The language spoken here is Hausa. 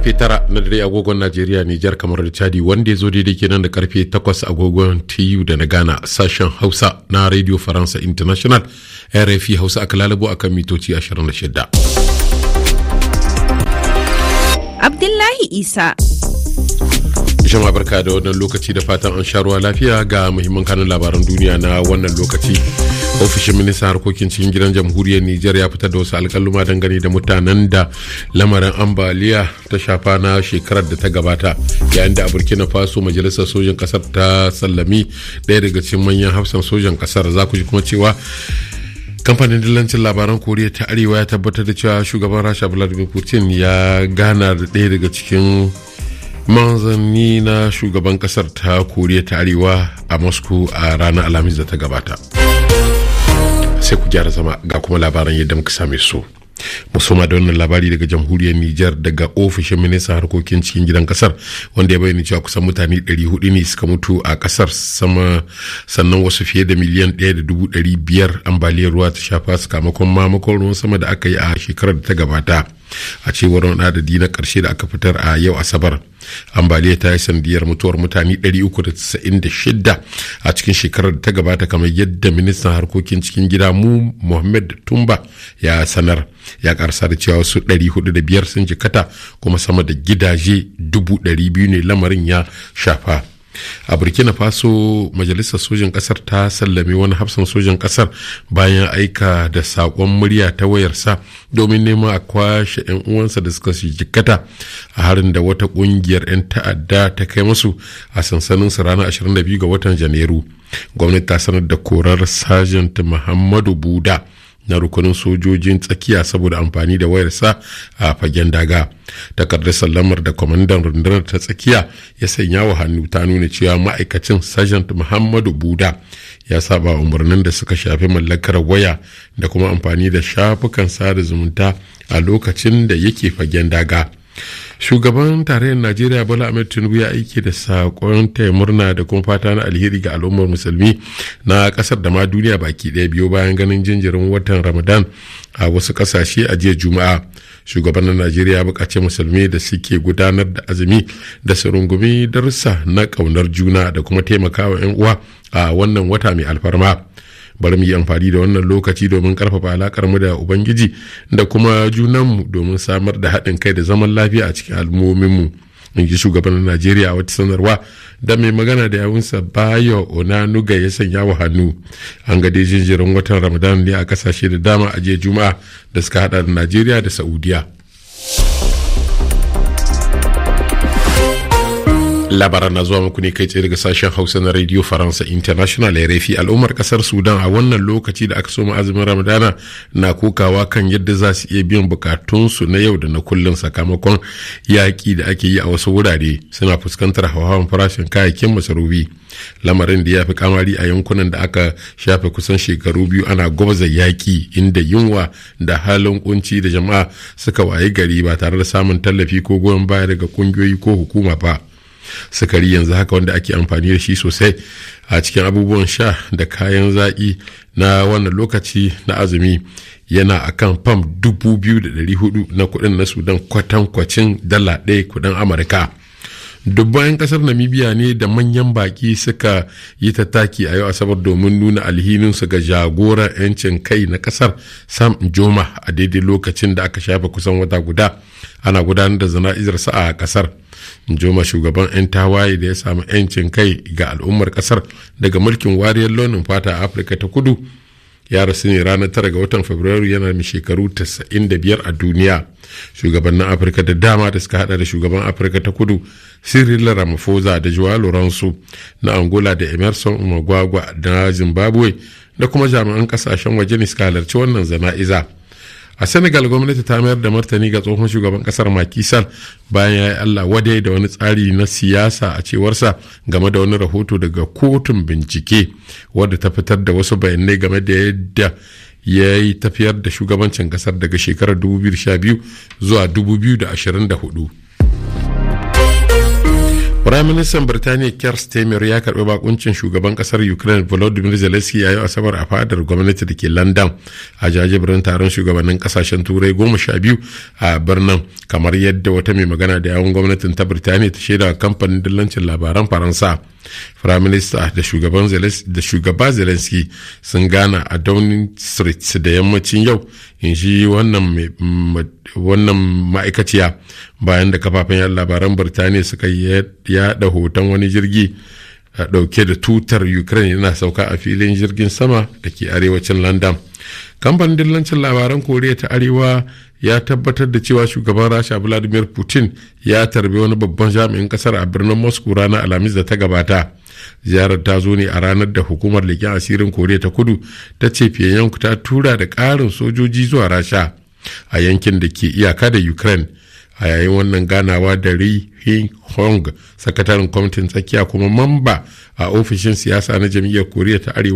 karfe tara na dare agogon Najeriya Nijar kamar da Chadi wanda ya zo daidai kenan da karfe takwas agogon TU da na Ghana sashen Hausa na Radio Faransa International RFI Hausa aka lalabo akan mitoci 26. Abdullahi Isa Jama'a barka da wannan lokaci da fatan an sha lafiya ga muhimman kanun labaran duniya na wannan lokaci. ofishin ministan harkokin cikin gidan jamhuriyar nijar ya fitar da wasu alkaluma dangane da mutanen da lamarin ambaliya ta shafa na shekarar da ta gabata yayin da a burkina faso majalisar sojan kasar ta sallami daya daga cikin manyan hafsan sojan kasar za ku ji kuma cewa kamfanin dillancin labaran koriya ta arewa ya tabbatar da cewa shugaban rasha vladimir putin ya gana da ɗaya daga cikin manzanni na shugaban kasar ta koriya ta arewa a moscow a ranar alhamis da ta gabata sai ku gyara zama ga kuma labaran yadda muka same su musoma da wannan labari daga jamhuriyar Nijar daga ofishin ministan harkokin cikin gidan kasar wanda ya bayyana cewa kusan mutane 400 ne suka mutu a kasar sama sannan wasu fiye da miliyan 1.500 ambaliyar ruwa ta shafa sakamakon mamakon ruwan sama da aka yi a shekarar da ta gabata. a cewar wani adadi na karshe da aka fitar a yau asabar ambaliya ta yi sandiyar mutuwar mutane 396 a cikin shekarar da ta gabata kamar yadda ministan harkokin cikin gida mu muhammad tumba ya sanar ya karsa da cewa wasu 405 sun jikata kuma sama da gidaje 200 ne lamarin ya shafa a burkina faso majalisar sojin kasar ta sallame wani hafsan sojin kasar bayan aika da saƙon murya ta wayarsa domin neman a kwashe 'yan uwansa da suka jikkata a harin da wata kungiyar 'yan ta'adda ta kai musu a sansanin su ranar 22 ga watan janairu gwamnati ta sanar da korar sajent muhammadu buda na rukunin sojojin tsakiya saboda amfani da wayarsa a fagen daga takardar sallamar da kwamandan rundunar ta tsakiya ya sanya wa hannu ta nuna cewa ma'aikacin sergeant muhammadu buda ya saba umarnin da suka shafi mallakar waya da kuma amfani da shafukan sada zumunta a lokacin da yake fagen daga shugaban tarayyar najeriya bala ahmed tinubu ya aiki da sakon taya murna da kuma fata na alheri ga al'ummar musulmi na kasar da ma duniya baki daya biyu bayan ganin jinjirin watan ramadan a wasu kasashe a jiya juma'a shugaban na najeriya ya bukaci musulmi da suke gudanar da azumi da su rungumi darussa na ƙaunar juna da kuma taimakawa 'yan uwa a wannan wata mai alfarma bari mu yi amfani da wannan lokaci domin karfafa alakar mu da ubangiji da kuma junanmu domin samar da haɗin kai da zaman lafiya a cikin al'ummominmu in ji shugaban najeriya wata sanarwa da mai magana da yawunsa bayo onanuga ya sanya wa hannu an ga dai jinjirin watan ramadan ne a kasashe da dama a jiya juma'a da suka hada da najeriya da saudiya labaran na zuwa muku ne kai tsaye daga sashen hausa na radio faransa international ya rafi al'ummar kasar sudan a wannan lokaci da aka soma azumin ramadana na kokawa kan yadda za su iya biyan bukatunsu na yau da na kullum sakamakon yaƙi da ake yi a wasu wurare suna fuskantar hauhawan farashin kayayyakin masarufi lamarin da ya fi kamari a yankunan da aka shafe kusan shekaru biyu ana gwabza yaƙi inda yunwa da halin kunci da jama'a suka waye gari ba tare da samun tallafi ko goyon baya daga ƙungiyoyi ko hukuma ba sukari yanzu haka wanda ake amfani da shi sosai a cikin abubuwan sha da kayan zaƙi na wannan lokaci na azumi yana a kan fam da hudu na kuɗin na sudan kwatankwacin dala ɗaya kuɗin amurka dubban kasar namibia ne da manyan baƙi suka yi tattaki a yau asabar domin nuna alhininsu ga jagoran 'yancin kai na kasar sam joma a daidai lokacin da aka shafe kusan wata guda ana gudanar da zana'izar sa a kasar in joma shugaban 'yan tawaye da ya samu 'yancin kai ga al'ummar kasar daga mulkin wariyar launin fata a afirka ta kudu ya rasu ne ranar 9 ga watan fabrairu yana mai shekaru 95 a duniya shugabannin afirka da dama da suka hada da shugaban afirka ta kudu cyril ramaphosa da joao lorenzo na angola da emerson umagwagwa na zimbabwe da kuma jami'an kasashen waje ne suka halarci wannan zana'iza a senegal gwamnati ta mayar da martani ga tsohon shugaban kasar makisal bayan ya yi allah wadai da wani tsari na siyasa a cewarsa game da wani rahoto daga kotun bincike wadda ta fitar da wasu bayanai game da yadda ya yi tafiyar da shugabancin kasar daga shekarar 2012 zuwa 2024 Firaministan Birtaniya Kyar Stemir ya karbi bakuncin shugaban kasar Ukraine Volodymyr Zelensky ya yi asabar a fadar gwamnati da ke London a jajibirin taron shugabannin kasashen Turai goma sha biyu a birnin kamar yadda wata mai magana da yawun gwamnatin ta Birtaniya ta shaida kamfanin dillancin labaran Faransa. Firaminista da shugaban Zelensky sun gana a Downing Street da yammacin yau in shi wannan ma'aikaciya bayan da kafafen yan labaran birtaniya suka yada hoton wani jirgi dauke da tutar ukraine yana sauka a filin jirgin sama da ke arewacin london kamfanin dillancin labaran koriya ta arewa ya tabbatar da cewa shugaban rasha vladimir putin ya tarbi wani babban jami'in kasar a birnin moscow ranar alhamis da ta gabata ziyarar ta zo ne a ranar da hukumar leƙen asirin koriya ta kudu ta ce pyongyang ta tura da ƙarin sojoji zuwa rasha a yankin da ke iyaka da ukraine a yayin wannan ganawa da ri hong sakataren kwamitin tsakiya kuma mamba a ofishin siyasa na jam'iyyar koriya ta arewa